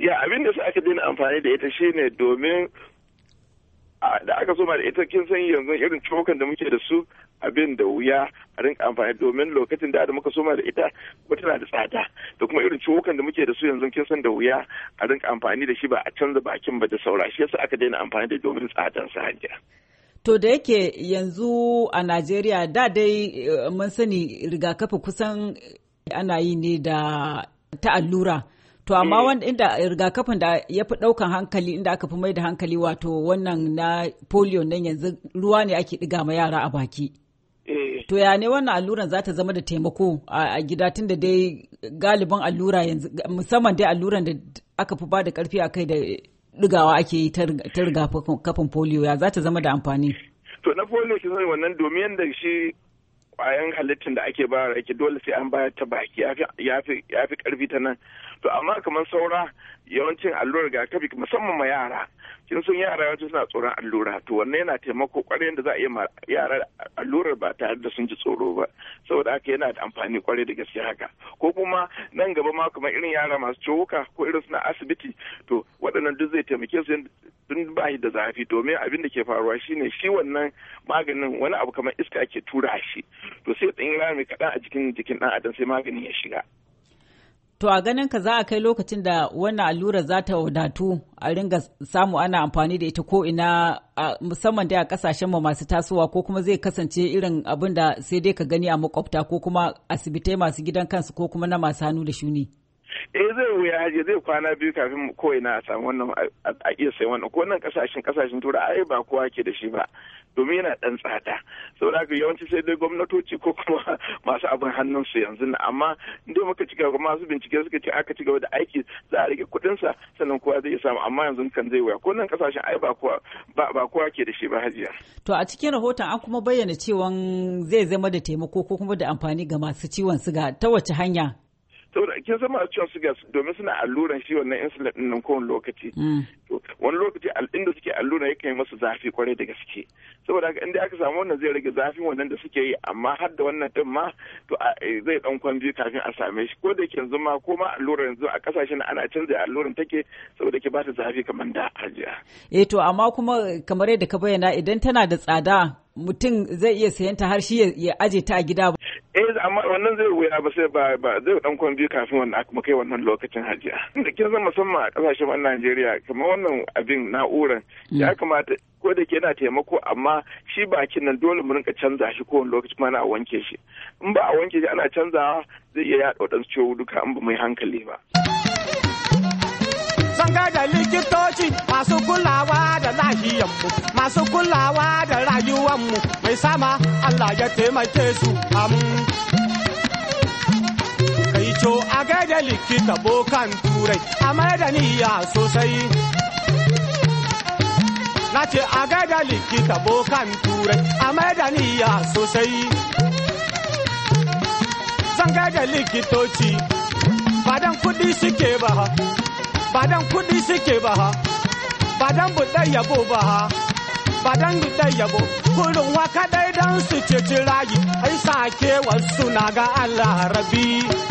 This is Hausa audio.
ya abin da su aka daina amfani da ita shine domin da aka soma da ita kin san yanzu irin cokan da muke da su abin da wuya a rinka amfani domin lokacin da muka soma da ita ko tana da tsada da kuma irin cokan da muke da su yanzu kin san da wuya a rinka amfani da shi ba a canza bakin ba da saura shi yasa aka daina amfani da domin tsadan sa hanya. To da yake yanzu a Najeriya da dai eh, mun sani rigakafi kusan ana yi ne da ta allura. To amma eh. wanda inda rigakafin da ya fi ɗaukan hankali inda aka fi mai da hankali wato wannan na polio nan yanzu ruwa ne ake ɗiga ma yara a baki. Eh. To ya ne wannan alluran za ta zama da taimako a gida tun da dai galibin allura yanzu musamman dai alluran da aka fi ba da a kai da ɗigawa ake yi ta rigakafin polio ya za ta zama da amfani. To na polio shi zai wannan domin yadda shi kwayan halittin da ake bayar ake dole sai an bayar ta baki ya fi karfi ta nan to amma kamar saura yawancin allurar rigakafi musamman ma yara kin sun yara yawancin suna tsoron allura to wannan yana taimako kwarai da za a yi yara allurar ba tare da sun ji tsoro ba saboda haka yana da amfani kwarai da gaske haka ko kuma nan gaba ma kamar irin yara masu ciwuka ko irin suna asibiti to waɗannan duk zai taimake su sun ba da zafi domin abin da ke faruwa shine shi wannan maganin wani abu kamar iska ke tura shi to sai ɗan rami mai kaɗan a jikin jikin ɗan adam sai maganin ya shiga. To a ganin ka za a kai lokacin da wannan allura za ta wadatu a ringa samu ana amfani da ita ko ina musamman dai a kasashen mu masu tasowa ko kuma zai kasance irin abin da sai dai ka gani a makwabta ko kuma asibitai masu gidan kansu ko kuma na masu hannu da shuni. eh zai wuya zai kwana biyu kafin kowai na a samu wannan a iya sai wannan ko nan kasashen kasashen tura ai ba kowa ke da shi ba domin yana dan tsada saboda haka yawanci sai dai gwamnatoci ko kuma masu abin hannun su yanzu na amma inda muka ci gaba masu bincike suka ce aka ci gaba da aiki za a rage kudin sa sannan kowa zai samu amma yanzu kan zai wuya ko nan kasashen ai ba kowa ke da shi ba hajiya to a cikin rahoton an kuma bayyana cewa zai zama da taimako ko kuma da amfani ga masu ciwon siga ta wace hanya kin zama a ciwon suga domin suna alluran shi wannan insulin din nan kowane lokaci mm. wani lokaci inda suke allura yakan yi masu zafi kwarai da gaske saboda haka inda aka samu wannan zai rage zafin wannan da suke yi amma har da wannan din ma to eh, zai dan kwan kafin a same shi ko da yake yanzu ma ko ma allurar yanzu a kasashen ana canza alluran take saboda ke ba ta zafi kamar da hajiya eh to amma kuma eh, kamar yadda ka bayyana idan tana da tsada mutum zai iya sayan ta har shi ya aje ta a gida eh amma wannan zai wuya ba sai ba ba zai dan kwan biyu kafin wannan mu kai wannan lokacin hajiya da kin san musamman a kasashen wannan Najeriya kamar wannan abin na'uran ya mm. kamata ko da ke yana taimako amma shi bakin nan dole mu rinka canza shi ko wani lokaci mana a wanke shi in ba a wanke shi ana canzawa zai iya yaɗa waɗansu ciwo duka in ba mu yi hankali ba. sanga da likitoci masu kulawa da lahiyanmu masu kulawa da rayuwanmu mai sama Allah ya taimake su am kai co a gaida likita bokan turai a mai da niyya sosai na ce a gaida likita bokan turai a mai da niyya sosai zan da likitoci badan kudi suke ba ba dan kuɗi suke ba ha ba dan buɗar yabo ba ha ba dan buɗar yabo kurin waka dai dan su ceci rayu ai sake wasu na ga Allah rabi.